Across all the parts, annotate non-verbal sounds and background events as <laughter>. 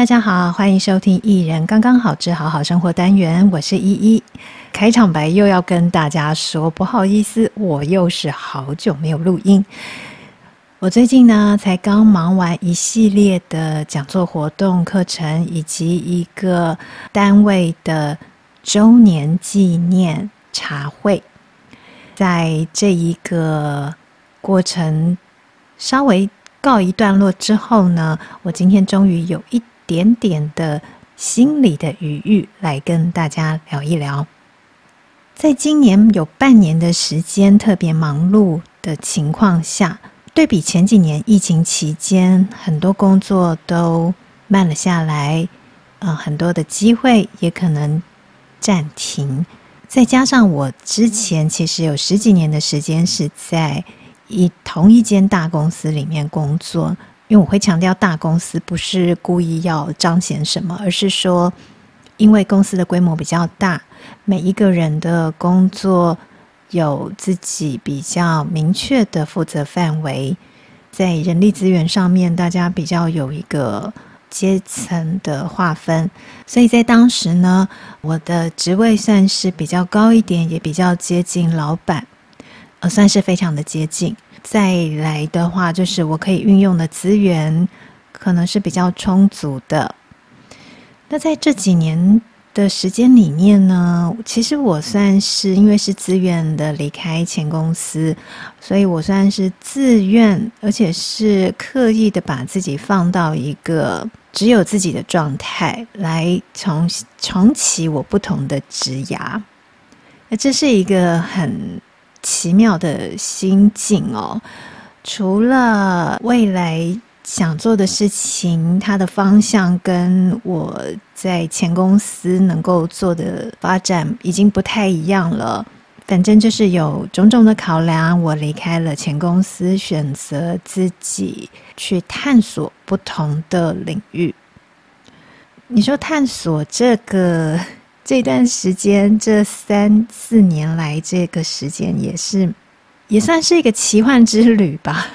大家好，歡迎收聽《一人剛剛好之好好生活》單元，我是依依。開場白又要跟大家說不好意思，我又是好久沒有錄音。我最近呢，才剛忙完一系列的講座活動、課程，以及一個單位的週年紀念茶會。在這一個過程稍微告一段落之後呢，我今天終於有一點點的心理的餘裕，來跟大家聊一聊。在今年有半年的時間特別忙碌的情況下，對比前幾年疫情期間，很多工作都慢了下來，呃，很多的機會也可能暫停。再加上我之前其實有十幾年的時間是在一同一間大公司裡面工作。因為我會強調，大公司不是故意要彰顯什麼，而是說，因為公司的規模比較大，每一個人的工作有自己比較明確的負責範圍，在人力資源上面，大家比較有一個階層的劃分，所以在當時呢，我的職位算是比較高一點，也比較接近老闆。呃，算是非常的接近。再來的話，就是我可以運用的資源可能是比較充足的。那在這幾年的時間裡面呢，其實我算是因為是自願的離開前公司，所以我算是自願，而且是刻意的把自己放到一個只有自己的狀態，來重重啟我不同的職涯。那這是一個很。奇妙的心境哦，除了未來想做的事情，它的方向跟我在前公司能夠做的發展已經不太一樣了。反正就是有種種的考量，我離開了前公司，選擇自己去探索不同的領域。你說探索這個。這段時間，這三四年來，這個時間也是也算是一個奇幻之旅吧。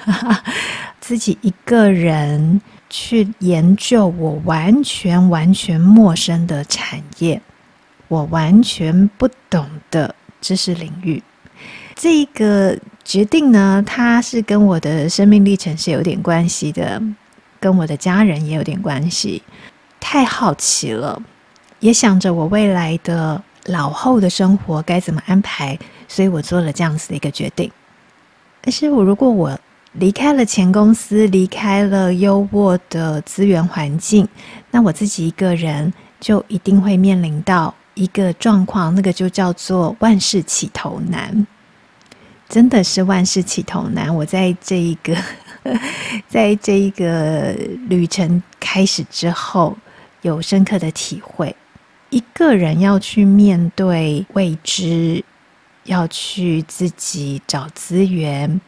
<laughs> 自己一個人去研究我完全完全陌生的產業，我完全不懂的知識領域。這個決定呢，它是跟我的生命歷程是有點關係的，跟我的家人也有點關係。太好奇了。也想着我未來的老後的生活該怎麼安排，所以我做了這樣子的一個決定。但是我如果我離開了前公司，離開了優渥的資源環境，那我自己一個人就一定會面臨到一個狀況，那個就叫做萬事起頭難。真的是萬事起頭難。我在這一個 <laughs> 在這一個旅程開始之後，有深刻的體會。一個人要去面對未知，要去自己找資源，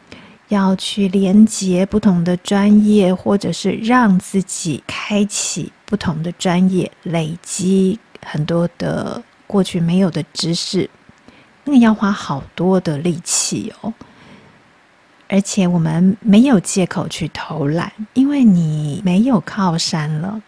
要去連接不同的專業，或者是讓自己開啟不同的專業，累積很多的過去沒有的知識，那個要花好多的力氣哦。而且我們沒有借口去偷懶，因為你沒有靠山了。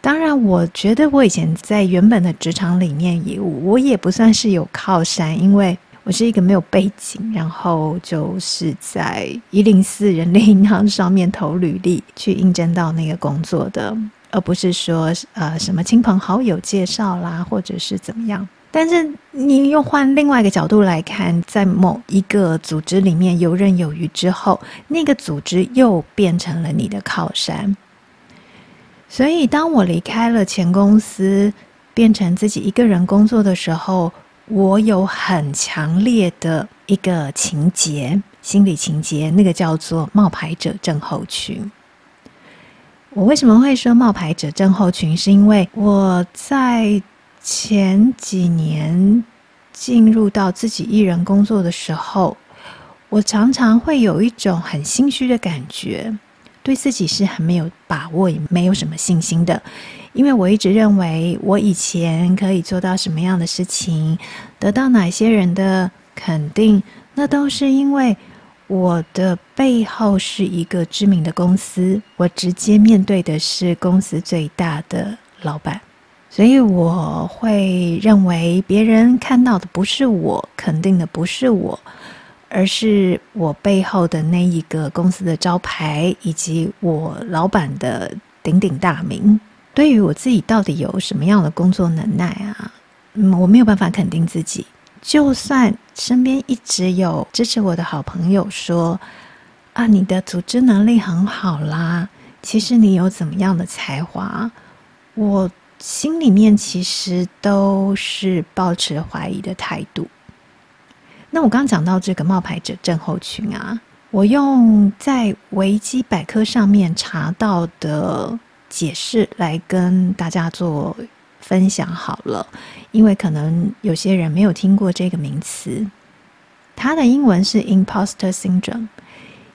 當然，我覺得我以前在原本的職場裡面也，也我也不算是有靠山，因為我是一個沒有背景，然後就是在一零四人力銀行上面投履歷去應徵到那個工作的，而不是說呃什麼親朋好友介紹啦，或者是怎麼樣。但是你又換另外一個角度來看，在某一個組織裡面游刃有餘之後，那個組織又變成了你的靠山。所以，當我離開了前公司，變成自己一個人工作的時候，我有很強烈的一個情結，心理情結，那個叫做“冒牌者症候群”。我為什麼會說“冒牌者症候群”？是因為我在前幾年進入到自己一人工作的時候，我常常會有一種很心虛的感覺。對自己是很沒有把握，也沒有什麼信心的，因為我一直認為，我以前可以做到什麼樣的事情，得到哪些人的肯定，那都是因為我的背後是一個知名的公司，我直接面對的是公司最大的老闆，所以我會認為別人看到的不是我，肯定的不是我。而是我背後的那一個公司的招牌，以及我老闆的鼎鼎大名，對於我自己到底有什麼樣的工作能耐啊？嗯，我沒有辦法肯定自己。就算身邊一直有支持我的好朋友說：“啊，你的組織能力很好啦。”其實你有怎麼樣的才華？我心裡面其實都是抱持懷疑的態度。那我剛剛講到這個冒牌者症候群啊，我用在維基百科上面查到的解釋來跟大家做分享好了，因為可能有些人沒有聽過這個名詞，它的英文是 imposter syndrome，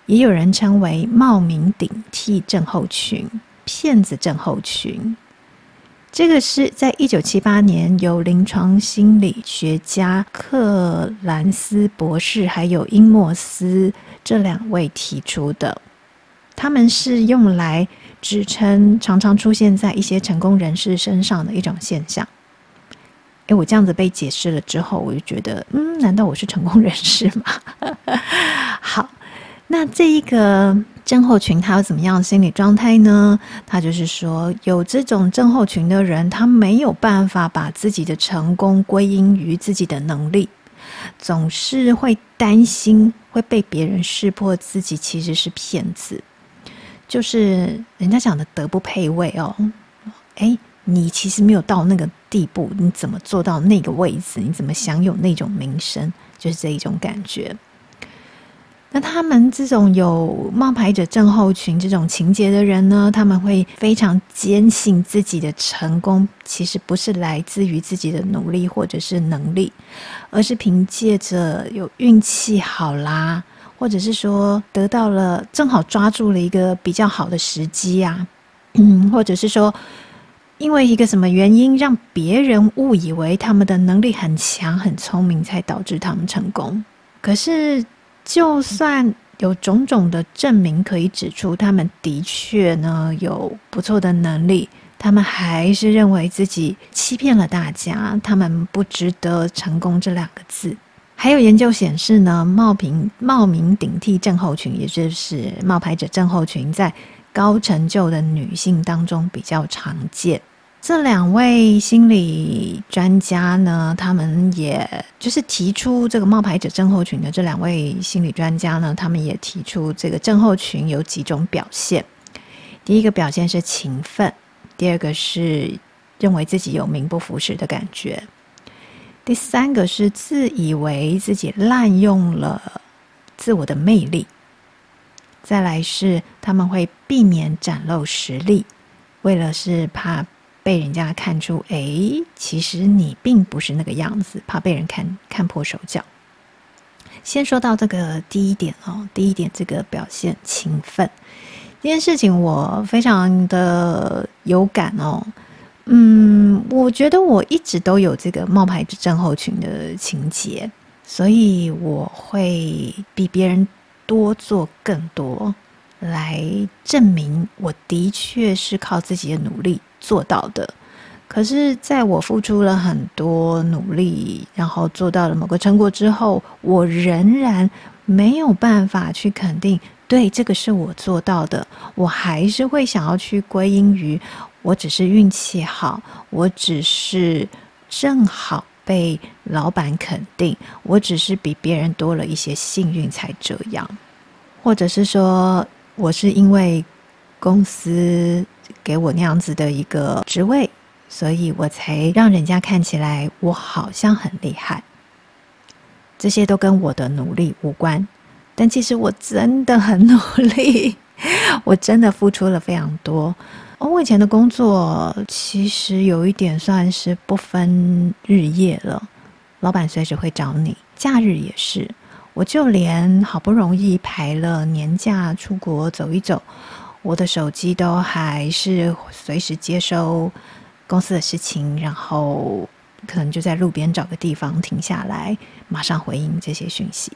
也有人稱為冒名頂替症候群，騙子症候群。這個是在一九七八年由臨床心理學家克蘭斯博士還有英莫斯這兩位提出的，他們是用來指稱常常出現在一些成功人士身上的一種現象。誒，我這樣子被解釋了之後，我就覺得，嗯，難道我是成功人士嗎？ <laughs> 好，那這一個症候群，他有怎麼樣的心理狀態呢？他就是說，有這種症候群的人，他沒有辦法把自己的成功歸因於自己的能力，總是會擔心會被別人識破自己其實是騙子，就是人家講的“德不配位”哦。哎，你其實沒有到那個地步，你怎麼做到那個位置？你怎麼享有那種名聲？就是這一種感覺。那他們這種有冒牌者症候群這種情結的人呢，他們會非常堅信自己的成功其實不是來自於自己的努力或者是能力，而是憑借着有運氣好啦，或者是說得到了，正好抓住了一個比較好的時機啊，嗯，或者是說因為一個什麼原因讓別人誤以為他們的能力很強、很聰明，才導致他們成功。可是。就算有種種的證明可以指出他們的確呢，有不錯的能力，他們還是認為自己欺騙了大家，他們不值得成功這兩個字。還有研究顯示呢，冒名冒名頂替症候群，也就是冒牌者症候群，在高成就的女性當中比較常見。這兩位心理專家呢，他們也就是提出這個冒牌者症候群的這兩位心理專家呢，他們也提出這個症候群有幾種表現。第一個表現是勤奮，第二個是認為自己有名不符實的感覺，第三個是自以為自己濫用了自我的魅力。再來是他們會避免展露實力，為了是怕，被人家看出，哎、欸，其實你並不是那個樣子，怕被人看看破手腳。先說到這個第一點哦，第一點，這個表現勤奮這件事情，我非常的有感哦。嗯，我覺得我一直都有這個冒牌者症候群的情結，所以我會比別人多做更多，來證明我的確是靠自己的努力。做到的，可是在我付出了很多努力，然後做到了某個成果之後，我仍然沒有辦法去肯定，對，這個是我做到的，我還是會想要去歸因於我只是運氣好，我只是正好被老板肯定，我只是比別人多了一些幸運才這樣，或者是說我是因為公司。給我那樣子的一個職位，所以我才讓人家看起來我好像很厲害。這些都跟我的努力無關，但其實我真的很努力，我真的付出了非常多。哦，我以前的工作其實有一點算是不分日夜了，老闆隨時會找你，假日也是。我就連好不容易排了年假出國走一走。我的手機都還是隨時接收公司的事情，然後可能就在路邊找個地方停下來，馬上回應這些訊息。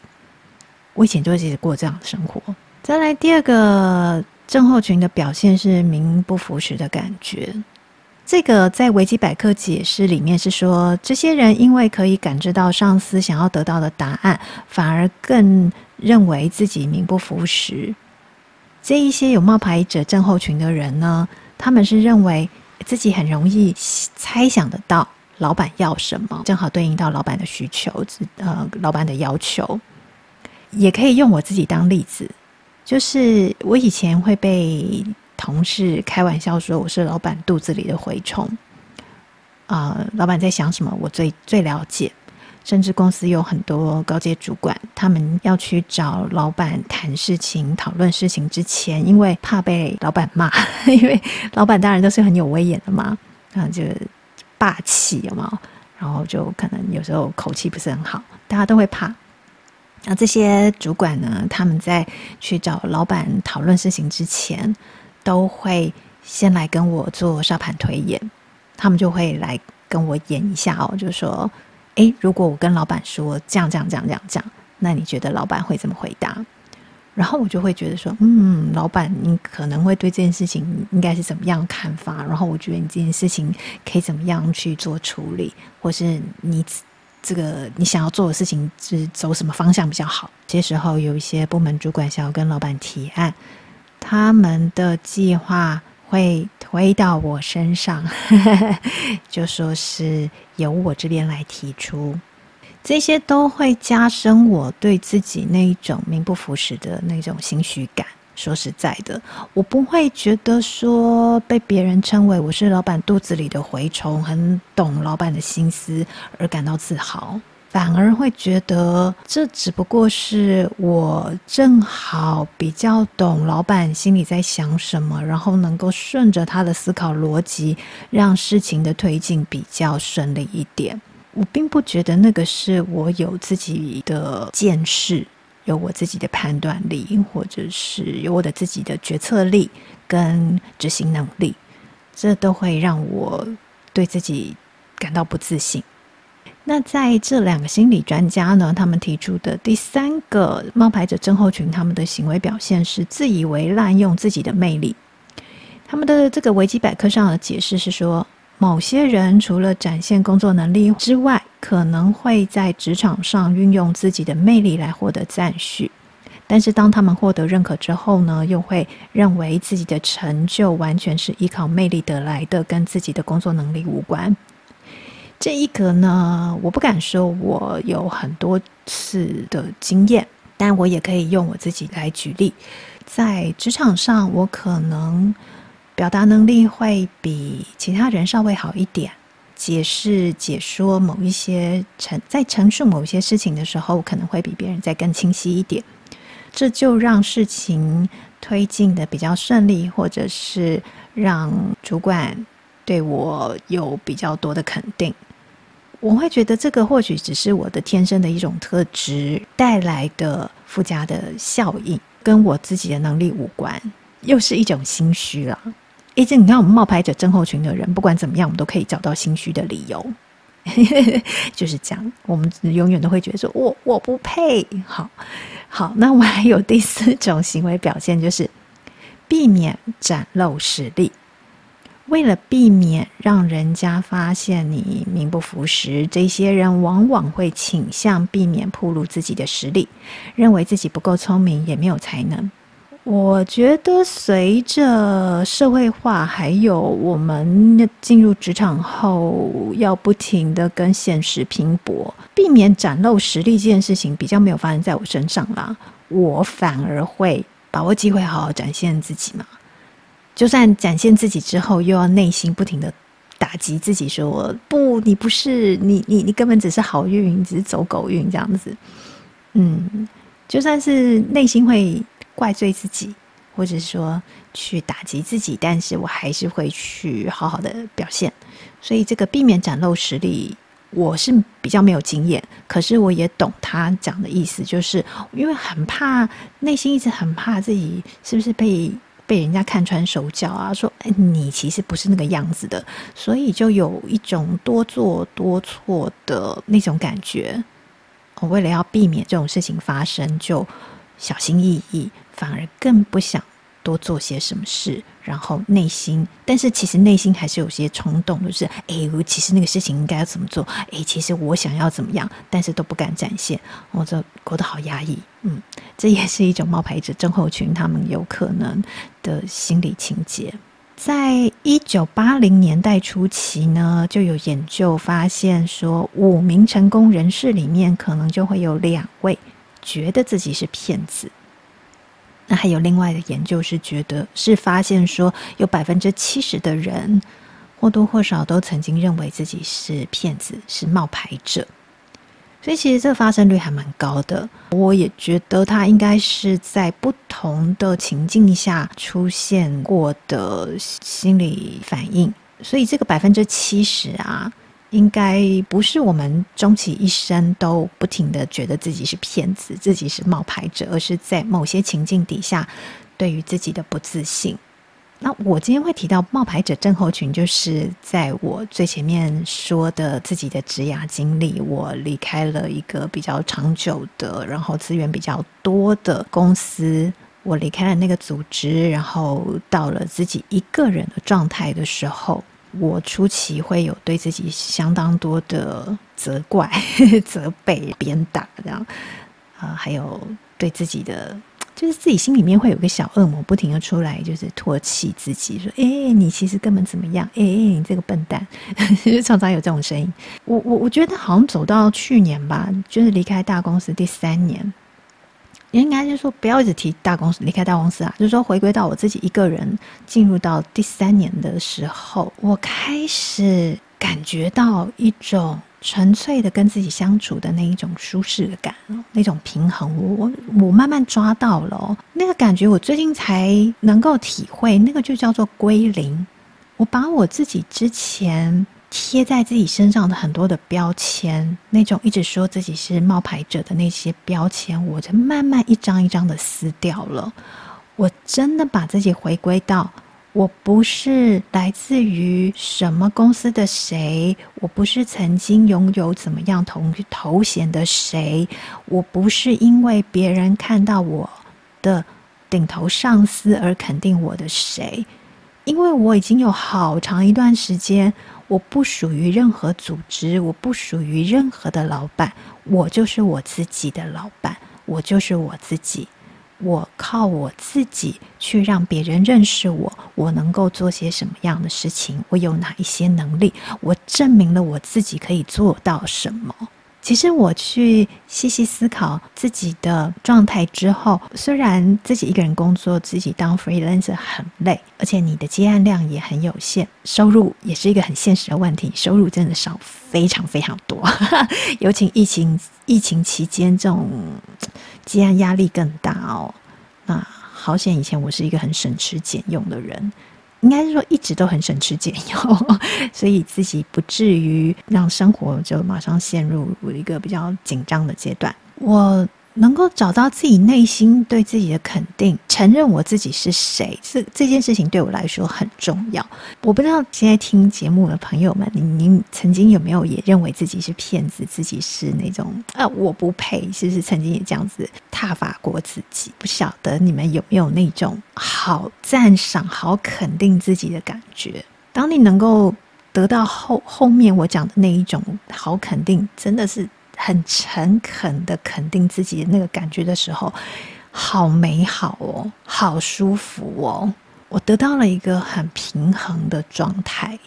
我以前就一直過這樣的生活。再來第二個症候群的表現是名不符實的感覺。這個在維基百科解釋裡面是說，這些人因為可以感知到上司想要得到的答案，反而更認為自己名不符實。這一些有冒牌者症候群的人呢，他們是認為自己很容易猜想得到老闆要什麼，正好對應到老闆的需求，呃，老闆的要求，也可以用我自己當例子，就是我以前會被同事開玩笑說，我是老闆肚子裡的蛔蟲，啊、呃，老闆在想什麼，我最最了解。甚至公司有很多高階主管，他們要去找老闆談事情、討論事情之前，因為怕被老闆罵，因為老闆當然都是很有威嚴的嘛，然後就霸氣，有沒有？然後就可能有時候口氣不是很好，大家都會怕。那這些主管呢，他們在去找老闆討論事情之前，都會先來跟我做沙盤推演，他們就會來跟我演一下哦，就是說，哎、欸，如果我跟老闆說這樣這樣這樣這樣這樣，那你覺得老闆會怎麼回答？然後我就會覺得說，嗯，老闆，你可能會對這件事情應該是怎麼樣看法？然後我覺得你這件事情可以怎麼樣去做處理，或是你這個你想要做的事情是走什麼方向比較好？這時候有一些部門主管想要跟老闆提案，他們的計劃。會推到我身上， <laughs> 就說是由我這邊來提出，這些都會加深我對自己那一種名不符實的那種心虛感。說實在的，我不會覺得說被別人稱為我是老板肚子裡的蛔蟲，很懂老板的心思而感到自豪。反而會覺得，這只不過是我正好比較懂老闆心裡在想什麼，然後能夠順着他的思考邏輯，讓事情的推進比較順利一點。我並不覺得那個是我有自己的見識，有我自己的判斷力，或者是有我的自己的決策力跟執行能力，這都會讓我對自己感到不自信。那在這兩個心理專家呢，他們提出的第三個冒牌者症候群，他們的行為表現是自以為濫用自己的魅力。他們的這個維基百科上的解釋是說，某些人除了展現工作能力之外，可能會在職場上運用自己的魅力來獲得讚許。但是當他們獲得認可之後呢，又會認為自己的成就完全是依靠魅力得來的，跟自己的工作能力無關。這一個呢，我不敢說我有很多次的經驗，但我也可以用我自己來舉例，在職場上，我可能表達能力會比其他人稍微好一點，解釋、解說某一些陳在陳述某些事情的時候，我可能會比別人再更清晰一點，這就讓事情推進的比較順利，或者是讓主管對我有比較多的肯定。我會覺得這個或許只是我的天生的一種特質帶來的附加的效應，跟我自己的能力無關，又是一種心虛了。一直你看我們冒牌者症候群的人，不管怎麼樣，我們都可以找到心虛的理由， <laughs> 就是這樣。我們永遠都會覺得說，我我不配。好，好，那我們還有第四種行為表現，就是避免展露實力。為了避免讓人家發現你名不符實，這些人往往會傾向避免暴露自己的實力，認為自己不夠聰明，也沒有才能。我覺得隨着社會化，還有我們進入職場後要不停的跟現實拼搏，避免展露實力這件事情比較沒有發生在我身上啦。我反而會把握機會，好好展現自己嘛。就算展現自己之後，又要內心不停的打擊自己，說我不，你不是你，你你根本只是好運，只是走狗運這樣子。嗯，就算是內心會怪罪自己，或者說去打擊自己，但是我還是會去好好的表現。所以這個避免展露實力，我是比較沒有經驗，可是我也懂他講的意思，就是因為很怕內心一直很怕自己是不是被。被人家看穿手腳啊，說，哎，你其實不是那個樣子的，所以就有一種多做多錯的那種感覺。我，哦，為了要避免這種事情發生，就小心翼翼，反而更不想。多做些什麼事，然後內心，但是其實內心還是有些衝動，就是哎，其實那個事情應該要怎麼做？哎，其實我想要怎麼樣，但是都不敢展現，我這過得好壓抑。嗯，這也是一種冒牌者症候群，他們有可能的心理情節。在一九八零年代初期呢，就有研究發現說，五名成功人士裡面，可能就會有兩位覺得自己是騙子。那還有另外的研究是覺得是發現說，有百分之七十的人或多或少都曾經認為自己是騙子、是冒牌者，所以其實這個發生率還蠻高的。我也覺得它應該是在不同的情境下出現過的心理反應，所以這個百分之七十啊，應該不是我們終其一生都不停的覺得自己是騙子、自己是冒牌者，而是在某些情境底下，對於自己的不自信。那我今天會提到冒牌者症候群，就是在我最前面說的自己的職涯經歷，我離開了一個比較長久的、然後資源比較多的公司，我離開了那個組織，然後到了自己一個人的狀態的時候。我初期會有對自己相當多的責怪、責備、鞭打這樣，啊、呃，還有對自己的，就是自己心裡面會有個小惡魔不停的出來，就是唾棄自己，說：“哎、欸，你其實根本怎麼樣？哎、欸欸，你這個笨蛋！”就 <laughs> 常常有這種聲音。我我我覺得好像走到去年吧，就是離開大公司第三年。應該就是說，不要一直提大公司，離開大公司啊，就是說回歸到我自己一個人，進入到第三年的時候，我開始感覺到一種純粹的跟自己相處的那一種舒適感，那種平衡，我我我慢慢抓到了那個感覺，我最近才能夠體會，那個就叫做歸零，我把我自己之前。貼在自己身上的很多的標籤，那種一直說自己是冒牌者的那些標籤，我就慢慢一張一張的撕掉了。我真的把自己回歸到，我不是來自於什麼公司的誰，我不是曾經擁有怎麼樣頭銜的誰，我不是因為別人看到我的頂頭上司而肯定我的誰，因為我已經有好長一段時間。我不屬於任何組織，我不屬於任何的老闆，我就是我自己的老闆，我就是我自己，我靠我自己去讓別人認識我，我能夠做些什麼樣的事情，我有哪一些能力，我證明了我自己可以做到什麼。其實我去細細思考自己的狀態之後，雖然自己一個人工作，自己當 freelancer 很累，而且你的接案量也很有限，收入也是一個很現實的問題，收入真的少，非常非常多。 <laughs> 尤其疫情疫情期間這種接案壓力更大哦。啊，好險，以前我是一個很省吃儉用的人。應該是說一直都很省吃儉用， <laughs> 所以自己不至於讓生活就馬上陷入一個比較緊張的階段。我。能夠找到自己內心對自己的肯定，承認我自己是誰，這這件事情對我來說很重要。我不知道現在聽節目的朋友們，您曾經有沒有也認為自己是騙子，自己是那種啊，我不配，是不是曾經也這樣子撻伐過自己？不曉得你們有沒有那種好讚賞、好肯定自己的感覺？當你能夠得到後後面我講的那一種好肯定，真的是。很誠懇的肯定自己那個感覺的時候，好美好哦，好舒服哦，我得到了一個很平衡的狀態。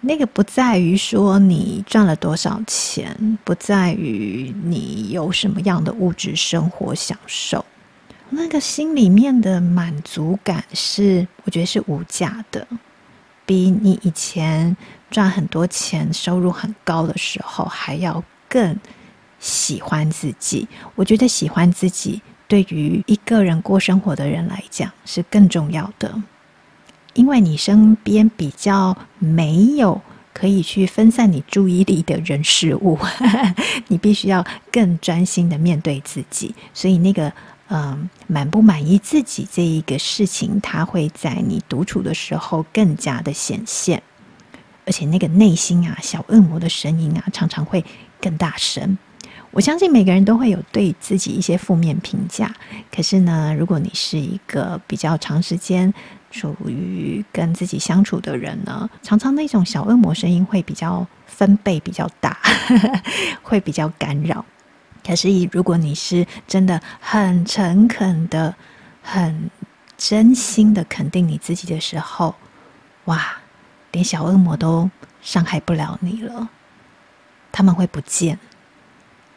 那個不在於說你賺了多少錢，不在於你有什麼樣的物質生活享受，那個心裡面的滿足感是，我覺得是無價的，比你以前。賺很多錢、收入很高的時候，還要更喜歡自己。我覺得喜歡自己對於一個人過生活的人來講是更重要的，因為你身邊比較沒有可以去分散你注意力的人事物， <laughs> 你必須要更專心的面對自己。所以那個嗯，滿不滿意自己這一個事情，它會在你獨處的時候更加的顯現。而且那個內心啊，小惡魔的聲音啊，常常會更大聲。我相信每個人都會有對自己一些負面評價。可是呢，如果你是一個比較長時間處於跟自己相處的人呢，常常那種小惡魔聲音會比較分貝比較大， <laughs> 會比較干擾。可是如果你是真的很誠懇的、很真心的肯定你自己的時候，哇！連小惡魔都傷害不了你了，他們會不見，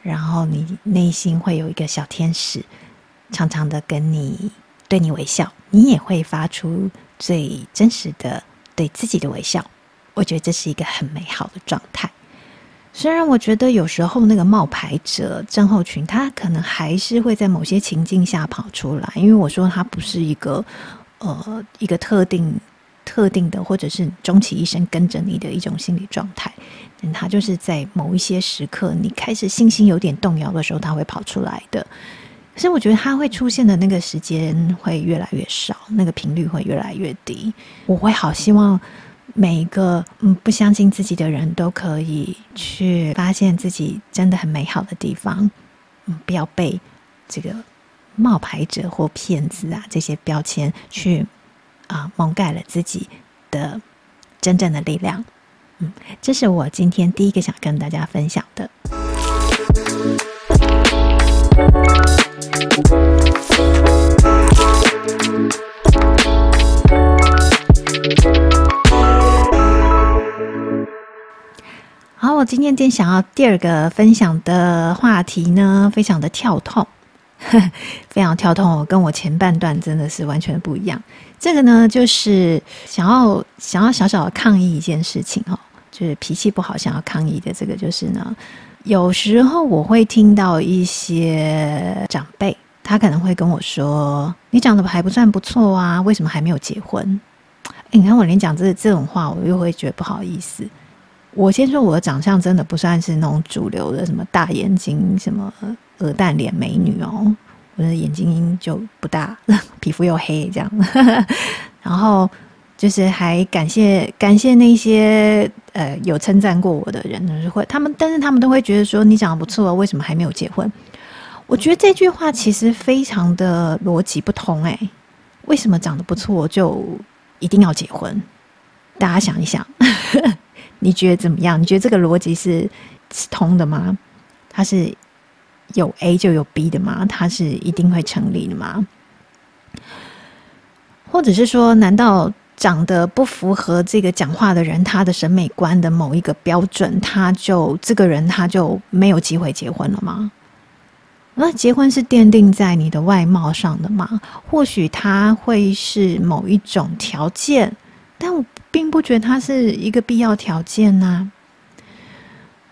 然後你內心會有一個小天使，常常的跟你對你微笑，你也會發出最真實的對自己的微笑。我覺得這是一個很美好的狀態。雖然我覺得有時候那個冒牌者症候群，他可能還是會在某些情境下跑出來，因為我說他不是一個呃一個特定。特定的，或者是終其一生跟着你的一種心理狀態，嗯、他、就是在某一些時刻，你開始信心有點動搖的時候，他會跑出來的。所以我覺得他會出現的那個時間會越來越少，那個頻率會越來越低。我會好希望每一個嗯不相信自己的人都可以去發現自己真的很美好的地方，嗯，不要被這個冒牌者或騙子啊這些標籤去。啊，蒙蓋了自己的真正的力量。嗯，這是我今天第一個想跟大家分享的。嗯、好，我今天想今天想要第二個分享的話題呢，非常的跳痛。 <laughs> 非常跳脫哦，跟我前半段真的是完全不一樣。這個呢，就是想要想要小小的抗議一件事情哦，就是脾氣不好想要抗議的這個就是呢，有時候我會聽到一些長輩，他可能會跟我說：“你長得還不算不錯啊，為什麼還沒有結婚？”欸，你看我連講這這種話，我又會覺得不好意思。我先說我的長相真的不算是那種主流的什麼大眼睛、什麼鵝蛋臉美女哦，我的眼睛就不大，皮膚又黑這樣。 <laughs> 然後就是還感謝感謝那些呃有稱讚過我的人，就是會他們，但是他們都會覺得說你長得不錯，為什麼還沒有結婚？我覺得這句話其實非常的邏輯不通，哎，為什麼長得不錯就一定要結婚？大家想一想。 <laughs> 你覺得怎麼樣？你覺得這個邏輯是通的嗎？它是有 A 就有 B 的嗎？它是一定會成立的嗎？或者是說，難道長得不符合這個講話的人他的審美觀的某一個標準，他就這個人他就沒有機會結婚了嗎？那結婚是奠定在你的外貌上的嗎？或許他會是某一種條件，但我。並不覺得它是一個必要條件吶。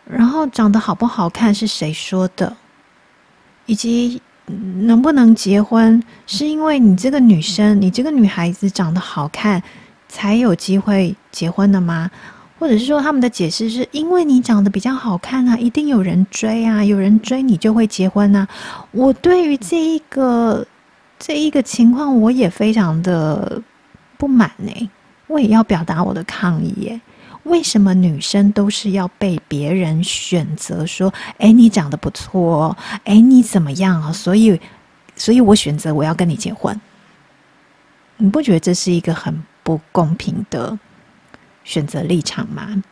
然後長得好不好看是誰說的？以及能不能結婚，是因為你這個女生、你這個女孩子長得好看，才有機會結婚的嗎？或者是說他們的解釋是因為你長得比較好看啊，一定有人追啊，有人追你就會結婚啊？我對於這一個這一個情況，我也非常的不滿哎。我也要表達我的抗議耶！為什麼女生都是要被別人選擇？說，哎，你長得不錯哦，哎，你怎麼樣啊？所以，所以我選擇我要跟你結婚。你不覺得這是一個很不公平的選擇立場嗎？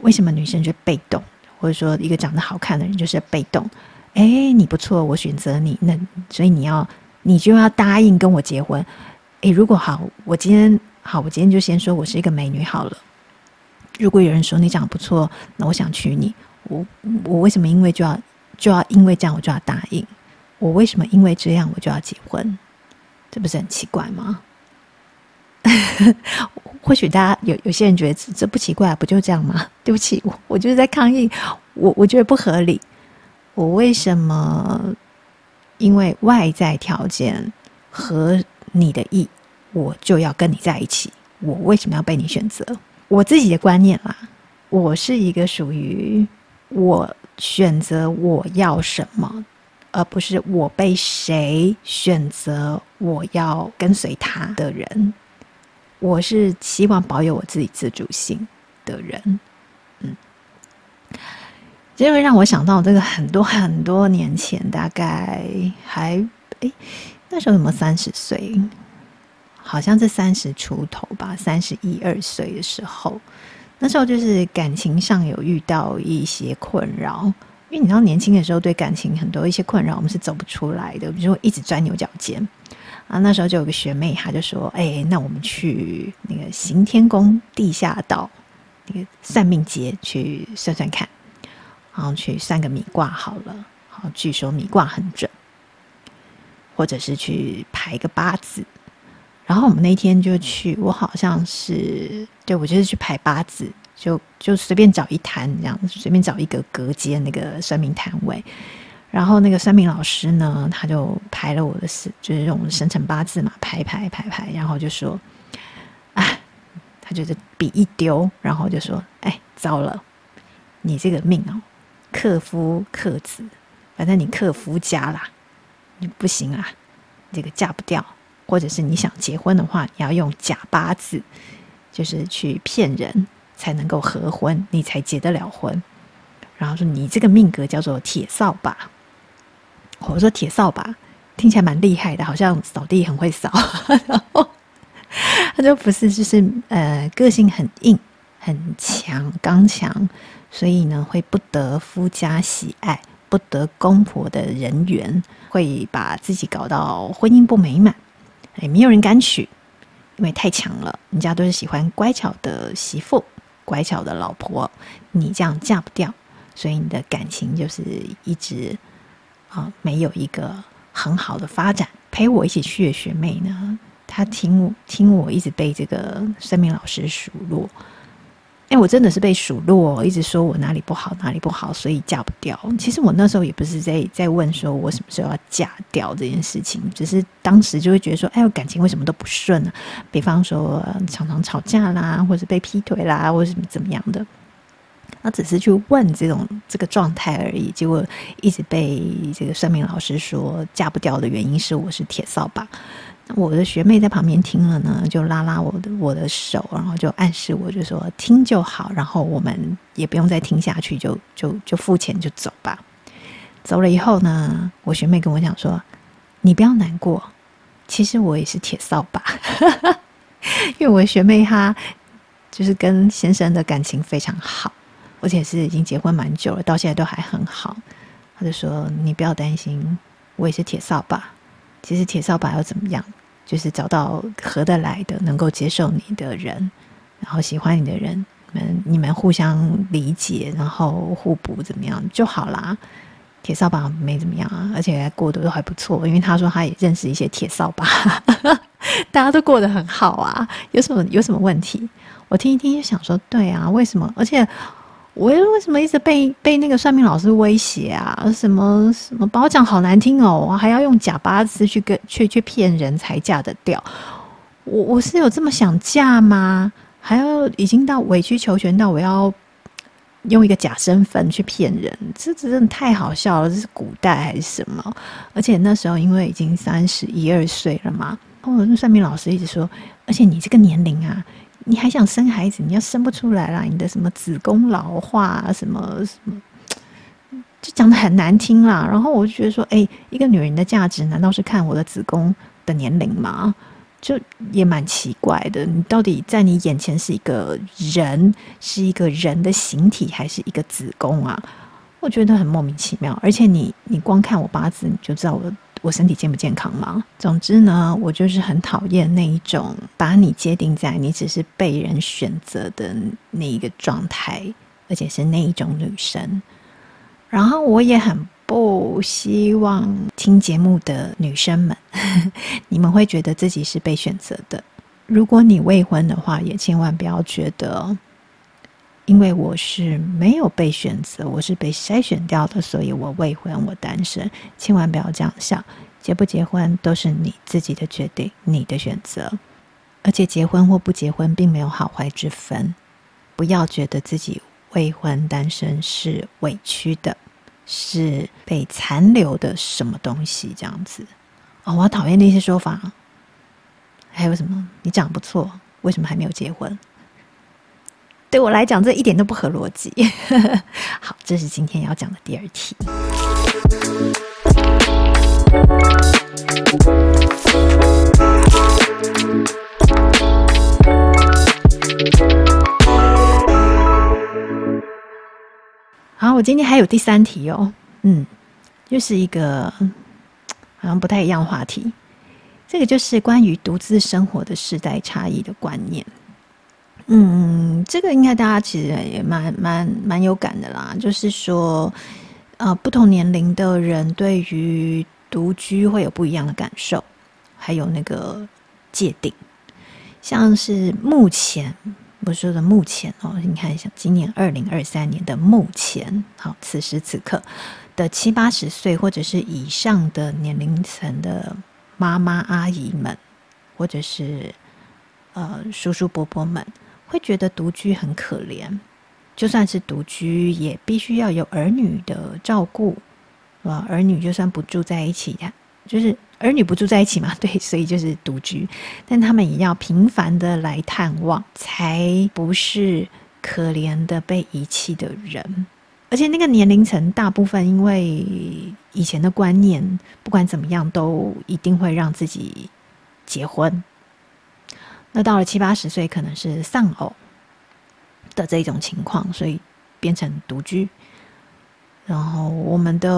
為什麼女生就被動？或者說，一個長得好看的人就是被動？哎，你不錯，我選擇你，那所以你要，你就要答應跟我結婚。哎，如果好，我今天。好，我今天就先說我是一個美女好了。如果有人說，你長得不錯，那我想娶你。我我為什麼，因為就要就要因為這樣我就要答應？我為什麼因為這樣我就要結婚？這不是很奇怪嗎？ <laughs> 或許大家有有些人覺得這不奇怪，不就這樣嗎？對不起，我我就是在抗議。我我覺得不合理。我為什麼因為外在條件合你的意？我就要跟你在一起。我為什麼要被你選擇？我自己的觀念啦，我是一個屬於我選擇我要什麼，而不是我被誰選擇我要跟隨他的人。我是希望保有我自己自主性的人。嗯，這會讓我想到這個，很多很多年前，大概還哎、欸，那時候怎麼三十歲？好像是三十出頭吧，三十一二歲的時候，那時候就是感情上有遇到一些困擾，因為你知道年輕的時候對感情很多一些困擾，我們是走不出來的，比、就、如、是、一直鑽牛角尖啊。那時候就有個學妹，她就說：“哎、欸，那我們去那個行天宮地下道那個算命街去算算看，然後去算個米卦好了，好，據說米卦很準，或者是去排個八字。”然後我們那天就去，我好像是對我就是去排八字，就就隨便找一攤這樣，隨便找一個隔間那個算命攤位。然後那個算命老師呢，他就排了我的是，就是用生辰八字嘛，排排排排，然後就說，哎、啊，他覺得筆一丟，然後就說，哎，糟了，你這個命哦，克夫克子，反正你克夫家啦，你不行啦，這個嫁不掉。或者是你想結婚的話，你要用假八字，就是去騙人才能夠合婚，你才結得了婚。然後說你這個命格叫做鐵掃把，我說鐵掃把聽起來蠻厲害的，好像掃地很會掃。 <laughs> 他就不是，就是呃，個性很硬很強剛強，所以呢會不得夫家喜愛，不得公婆的人緣，會把自己搞到婚姻不美滿。哎、欸，沒有人敢娶，因為太強了。人家都是喜歡乖巧的媳婦、乖巧的老婆，你這樣嫁不掉，所以你的感情就是一直啊、呃，沒有一個很好的發展。陪我一起去的學妹呢，她聽我聽我一直被這個算命老師數落。哎、欸，我真的是被數落，一直說我哪裡不好哪裡不好，所以嫁不掉。其實我那時候也不是在在問說我什麼時候要嫁掉這件事情，只是當時就會覺得說，哎呦，感情為什麼都不順呢、啊？比方說常常吵架啦，或者被劈腿啦，或者怎麼樣的。那只是去問這種這個狀態而已。結果一直被這個算命老師說嫁不掉的原因是我是鐵掃把。我的學妹在旁邊聽了呢，就拉拉我的我的手，然後就暗示我，就說聽就好，然後我們也不用再聽下去，就就就付錢就走吧。走了以後呢，我學妹跟我講說：“你不要難過，其實我也是鐵掃把。 <laughs> ”因為我的學妹她就是跟先生的感情非常好，而且是已經結婚蠻久了，到現在都還很好。她就說：“你不要擔心，我也是鐵掃把。”其實鐵掃把又怎麼樣？就是找到合得來的、能夠接受你的人，然後喜歡你的人你們，你們互相理解，然後互補怎麼樣就好啦。鐵掃把沒怎麼樣啊，而且還過得都還不錯。因為他說他也認識一些鐵掃把， <laughs> 大家都過得很好啊。有什麼有什麼問題？我聽一聽就想說，對啊，為什麼？而且。我又為什麼一直被被那個算命老師威脅啊？什麼什麼把我講好難聽哦，我還要用假八字去跟去去騙人才嫁得掉？我我是有這麼想嫁嗎？還要已經到委曲求全到我要用一個假身份去騙人這？這真的太好笑了！這是古代還是什麼？而且那時候因為已經三十一二歲了嘛，然、哦、那算命老師一直說，而且你這個年齡啊。你還想生孩子？你要生不出來啦，你的什麼子宮老化啊，什麼什麼，就講得很難聽啦。然後我就覺得說，哎，一個女人的價值難道是看我的子宮的年齡嗎？就也蠻奇怪的。你到底在你眼前是一個人，是一個人的形體，還是一個子宮啊？我覺得很莫名其妙。而且你，你光看我八字，你就知道我。我身體健不健康嗎？總之呢，我就是很討厭那一種把你界定在你只是被人選擇的那一個狀態，而且是那一種女生。然後我也很不希望聽節目的女生們，你們會覺得自己是被選擇的。如果你未婚的話，也千萬不要覺得。因為我是沒有被選擇，我是被篩選掉的，所以我未婚，我單身。千萬不要這樣想，結不結婚都是你自己的決定，你的選擇。而且結婚或不結婚並沒有好壞之分，不要覺得自己未婚單身是委屈的，是被殘留的什麼東西這樣子。哦，我討厭那些說法。還有什麼？你長得不錯，為什麼還沒有結婚？對我來講，這一點都不合邏輯。 <laughs> 好，這是今天要講的第二題。好，我今天還有第三題哦，嗯，又、就是一個好像不太一樣話題。這個就是關於獨自生活的世代差異的觀念。嗯，這個應該大家其實也蠻蠻蠻，蠻有感的啦。就是說，呃，不同年齡的人對於獨居會有不一樣的感受，還有那個界定。像是目前，我說的目前哦，你看一下，今年二零二三年的目前，好，哦，此時此刻的七八十歲或者是以上的年齡層的媽媽阿姨們，或者是呃叔叔伯伯們。會覺得獨居很可憐，就算是獨居，也必須要有兒女的照顧，啊，兒女就算不住在一起，就是兒女不住在一起嘛，對，所以就是獨居，但他們也要頻繁的來探望，才不是可憐的被遺棄的人。而且那個年齡層大部分，因為以前的觀念，不管怎麼樣，都一定會讓自己結婚。那到了七八十歲，可能是喪偶的這一種情況，所以變成獨居。然後我們的，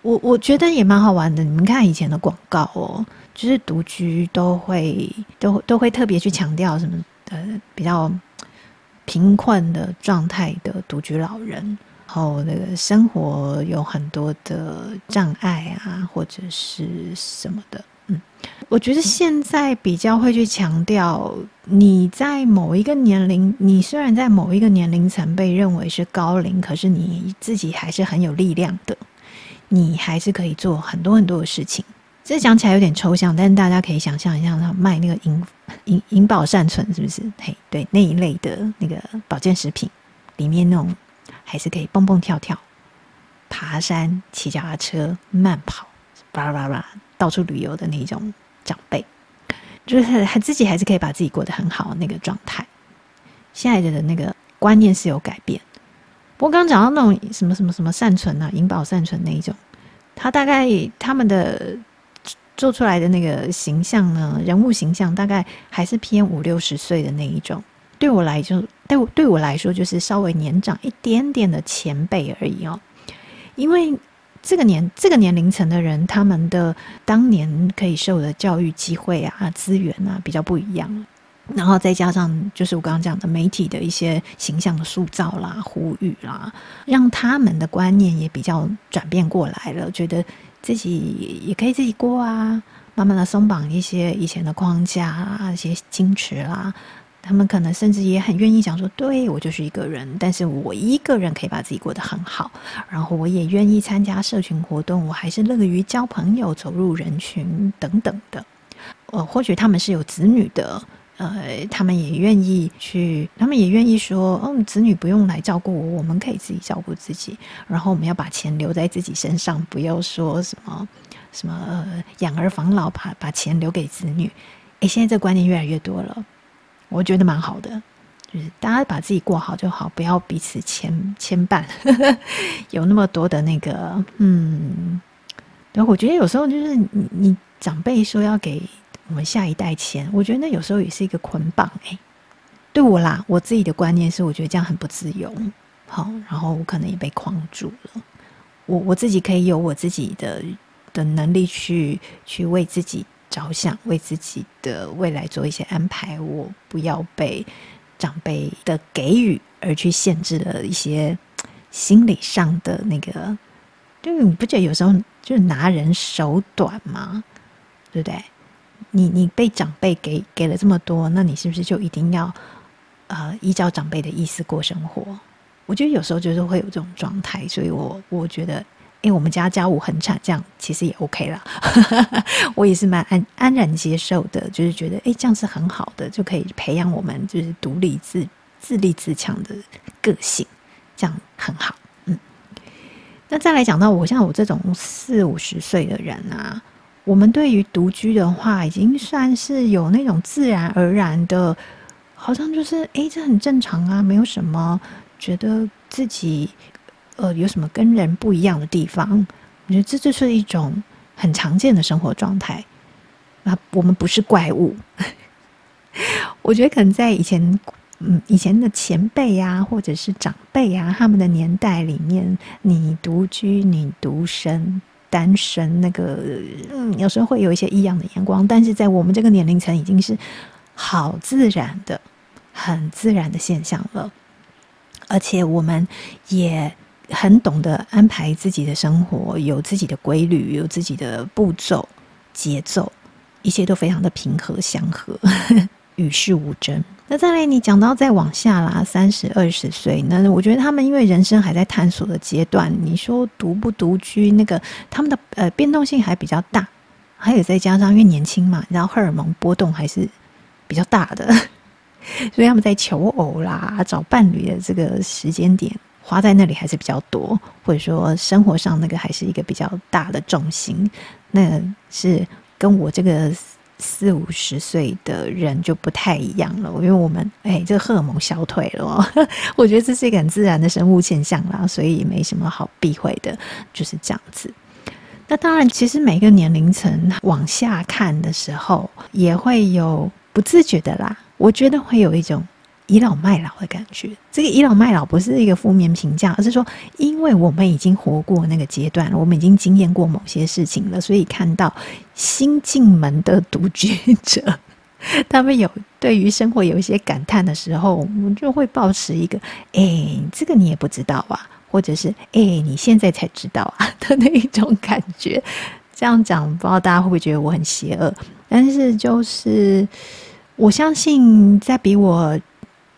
我我覺得也蠻好玩的。你們看以前的廣告哦，就是獨居都會都都會特別去強調什麼呃比較貧困的狀態的獨居老人，然後那個生活有很多的障礙啊，或者是什麼的。嗯，我覺得現在比較會去強調，你在某一個年齡，你雖然在某一個年齡層被認為是高齡，可是你自己還是很有力量的，你還是可以做很多很多的事情。這講起來有點抽象，但是大家可以想象一下，他賣那個銀銀銀寶善存是不是？嘿，對，那一類的那個保健食品裡面那種，還是可以蹦蹦跳跳、爬山、騎腳踏車、慢跑，巴拉巴巴拉吧。到處旅遊的那一種長輩，就是他自己還是可以把自己過得很好的那個狀態。現在的那個觀念是有改變，我剛剛講到那種什麼什麼什麼善存啊、銀寶善存那一種，他大概他們的做出來的那個形象呢，人物形象大概還是偏五六十歲的那一種。對我來就對對我來說就是稍微年長一點點的前輩而已哦，因為。這個年這個年齡層的人，他們的當年可以受的教育機會啊、資源啊，比較不一樣。然後再加上，就是我剛剛講的媒體的一些形象的塑造啦、呼籲啦，讓他們的觀念也比較轉變過來了，覺得自己也可以自己過啊，慢慢的鬆綁一些以前的框架啊、一些矜持啦。他們可能甚至也很願意講說，對，我就是一個人，但是我一個人可以把自己過得很好。然後我也願意參加社群活動，我還是樂於交朋友、走入人群等等的。呃，或許他們是有子女的，呃，他們也願意去，他們也願意說，嗯，子女不用來照顧我，我們可以自己照顧自己。然後我們要把錢留在自己身上，不要說什麼什麼呃養兒防老，把把錢留給子女。哎，現在這個觀念越來越多了。我覺得蠻好的，就是大家把自己過好就好，不要彼此牽牽絆，呵呵，有那麼多的那個嗯，對，我覺得有時候就是你你長輩說要給我們下一代錢，我覺得那有時候也是一個捆綁欸，對我啦，我自己的觀念是，我覺得這樣很不自由，好，然後我可能也被框住了，我我自己可以有我自己的的能力去去為自己。着想，為自己的未來做一些安排。我不要被長輩的給予而去限制了一些心理上的那個，就你不覺得有時候就是拿人手短嗎？對不對？你你被長輩給給了這麼多，那你是不是就一定要呃依照長輩的意思過生活？我覺得有時候就是會有這種狀態，所以我我覺得。因為我們家家務很差，這樣其實也 OK 了， <laughs> 我也是蠻安安然接受的，就是覺得誒，這樣是很好的，就可以培養我們就是獨立自自立自強的個性，這樣很好。嗯，那再來講到我，像我這種四五十歲的人啊，我們對於獨居的話，已經算是有那種自然而然的，好像就是誒，這很正常啊，沒有什麼，覺得自己。呃，有什麼跟人不一樣的地方？我覺得這就是一種很常見的生活狀態。啊，我們不是怪物。 <laughs> 我覺得可能在以前，嗯，以前的前輩啊，或者是長輩啊，他們的年代裡面，你獨居、你獨身、單身，那個嗯，有時候會有一些異樣的眼光。但是在我們這個年齡層，已經是好自然的、很自然的現象了。而且我們也。很懂得安排自己的生活，有自己的規律，有自己的步驟、節奏，一切都非常的平和、祥和，與世無爭。那再來，你講到再往下啦，三十、二十歲，那我覺得他們因為人生還在探索的階段，你說獨不獨居，那個他們的呃變動性還比較大，還有再加上因為年輕嘛，然後荷爾蒙波動還是比較大的，所以他們在求偶啦、找伴侶的這個時間點。花在那裡還是比較多，或者說生活上那個還是一個比較大的重心，那是跟我這個四五十歲的人就不太一樣了，因為我們哎、欸，這荷爾蒙消退了、喔， <laughs> 我覺得這是一個很自然的生物現象啦，所以沒什麼好避諱的，就是這樣子。那當然，其實每個年齡層往下看的時候，也會有不自覺的啦，我覺得會有一種。倚老賣老的感覺，這個倚老賣老不是一個負面評價，而是說，因為我們已經活過那個階段了，我們已經經驗過某些事情了，所以看到新進門的獨居者，他們有對於生活有一些感嘆的時候，我們就會抱持一個“哎、欸，這個你也不知道啊”，或者是“哎、欸，你現在才知道啊”的那一種感覺。這樣講，不知道大家會不會覺得我很邪惡？但是就是我相信，在比我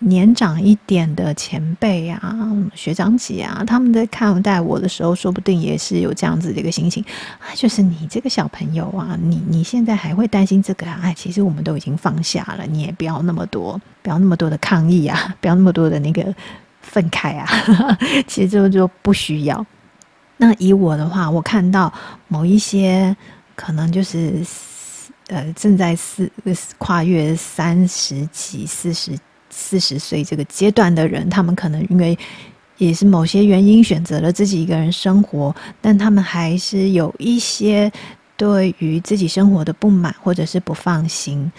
年長一點的前輩啊，學長姐啊，他們在看待我的時候，說不定也是有這樣子的一個心情啊，就是你這個小朋友啊，你你現在還會擔心這個啊？哎，其實我們都已經放下了，你也不要那麼多，不要那麼多的抗議啊，不要那麼多的那個憤慨啊，其實就就不需要。那以我的話，我看到某一些可能就是呃，正在四跨越三十幾、四十幾。四十歲這個階段的人，他們可能因為也是某些原因選擇了自己一個人生活，但他們還是有一些對於自己生活的不滿，或者是不放心。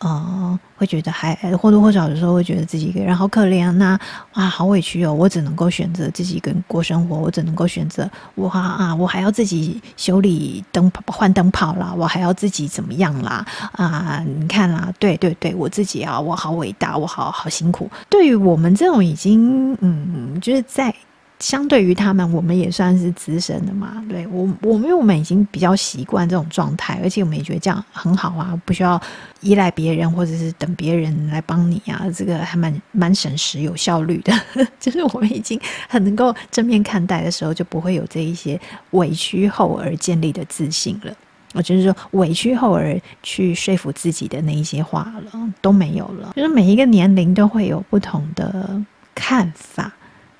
嗯，會覺得還或多或少的時候會覺得自己一個人好可憐，啊，那啊好委屈哦，我只能夠選擇自己一人過生活，我只能夠選擇我啊，我還要自己修理燈泡、換燈泡啦，我還要自己怎麼樣啦？啊，你看啦，對對對，我自己啊，我好偉大，我好好辛苦。對於我們這種已經，嗯，就是在。相對於他們，我們也算是資深的嘛，對我，我們因為我們已經比較習慣這種狀態，而且我們也覺得這樣很好啊，不需要依賴別人或者是等別人來幫你啊，這個還蠻蠻省時有效率的。 <laughs> 就是我們已經很能夠正面看待的時候，就不會有這一些委屈後而建立的自信了，我就是說委屈後而去說服自己的那一些話了都沒有了。就是每一個年齡都會有不同的看法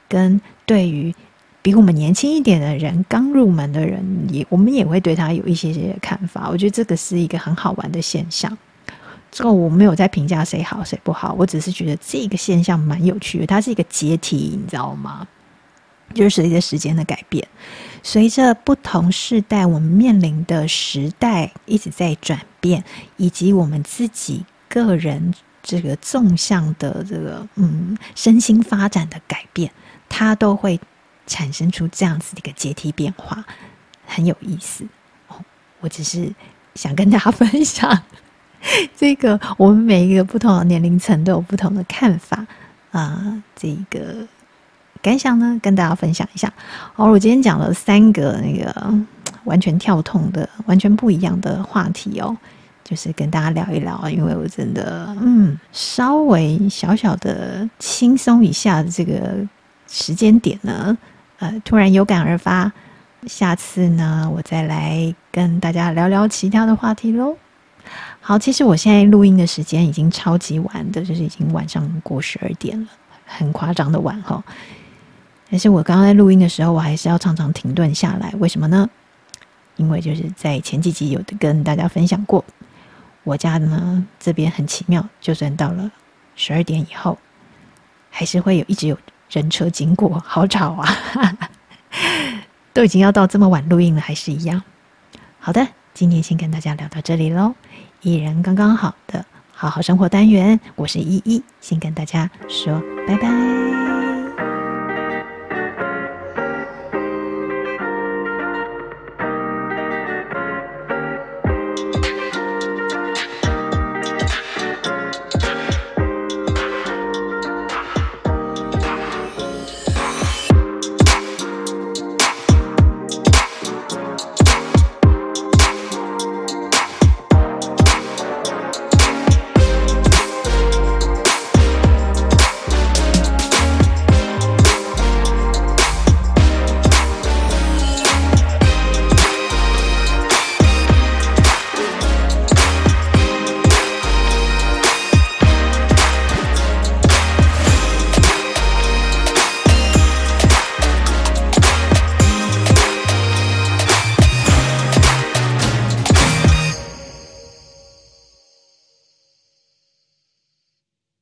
跟，對於比我們年輕一點的人，剛入門的人也，也我們也會對他有一些些看法。我覺得這個是一個很好玩的現象。這個我沒有在評價誰好誰不好，我只是覺得這個現象蠻有趣的。它是一個階梯，你知道嗎？就是隨着時間的改變，隨着不同世代，我們面臨的時代一直在轉變，以及我們自己個人這個縱向的這個嗯身心發展的改變。它都會產生出這樣子的一個階梯變化，很有意思哦。我只是想跟大家分享這個，我們每一個不同的年齡層都有不同的看法啊，呃，這一個感想呢，跟大家分享一下。好，我今天講了三個那個完全跳痛的、完全不一樣的話題哦，就是跟大家聊一聊，因為我真的嗯，稍微小小的輕鬆一下這個。時間點呢，呃，突然有感而發，下次呢，我再來跟大家聊聊其他的話題嘍。好，其實我現在錄音的時間已經超級晚的，就是已經晚上過十二點了，很誇張的晚吼。但是我剛剛在錄音的時候，我還是要常常停頓下來，為什麼呢？因為就是在前幾集有的跟大家分享過，我家的呢這邊很奇妙，就算到了十二點以後，還是會有一直有。人車經過，好吵啊！ <laughs> 都已經要到這麼晚錄音了，還是一樣。好的，今天先跟大家聊到這裡嘍，一人剛剛好的好好生活單元，我是依依，先跟大家說拜拜。